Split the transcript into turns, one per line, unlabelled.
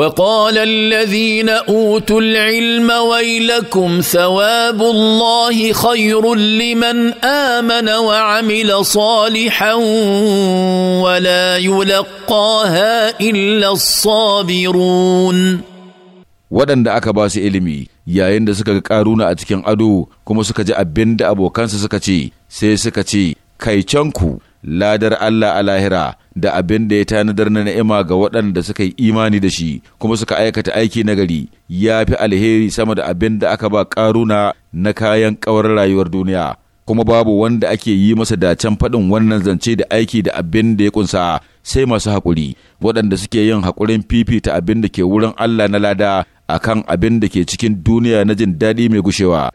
وقال الذين اوتوا العلم ويلكم ثواب الله خير لمن امن وعمل صالحا
ولا يلقاها الا الصابرون
waɗanda aka ba su ilimi yayin da suka ga ƙaruna a cikin ado kuma suka ji abin da abokansa suka ce sai suka ce kai canku ladar Allah a lahira da abin da ya tanadar na na'ima ga waɗanda suka yi imani da shi kuma suka aikata aiki nagari ya fi alheri sama da abin da aka ba ƙaruna na kayan ƙawar rayuwar duniya kuma babu wanda ake yi masa dacen faɗin wannan zance da aiki da abin da ya kunsa sai masu haƙuri waɗanda suke yin haƙurin fifita abin da ke wurin Allah na lada akan abin da ke cikin duniya na jin daɗi mai gushewa